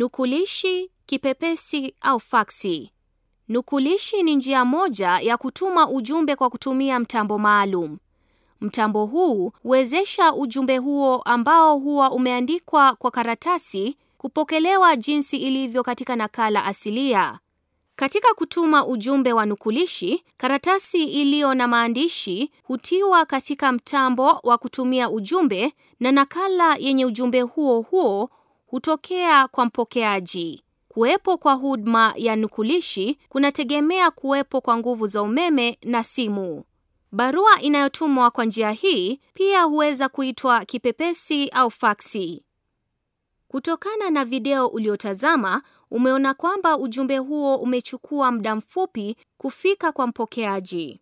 Nukulishi, kipepesi au faksi. Nukulishi ni njia moja ya kutuma ujumbe kwa kutumia mtambo maalum. Mtambo huu huwezesha ujumbe huo ambao huwa umeandikwa kwa karatasi kupokelewa jinsi ilivyo katika nakala asilia. Katika kutuma ujumbe wa nukulishi, karatasi iliyo na maandishi hutiwa katika mtambo wa kutumia ujumbe na nakala yenye ujumbe huo huo hutokea kwa mpokeaji. Kuwepo kwa huduma ya nukulishi kunategemea kuwepo kwa nguvu za umeme na simu. Barua inayotumwa kwa njia hii pia huweza kuitwa kipepesi au faksi. Kutokana na video uliotazama, umeona kwamba ujumbe huo umechukua muda mfupi kufika kwa mpokeaji.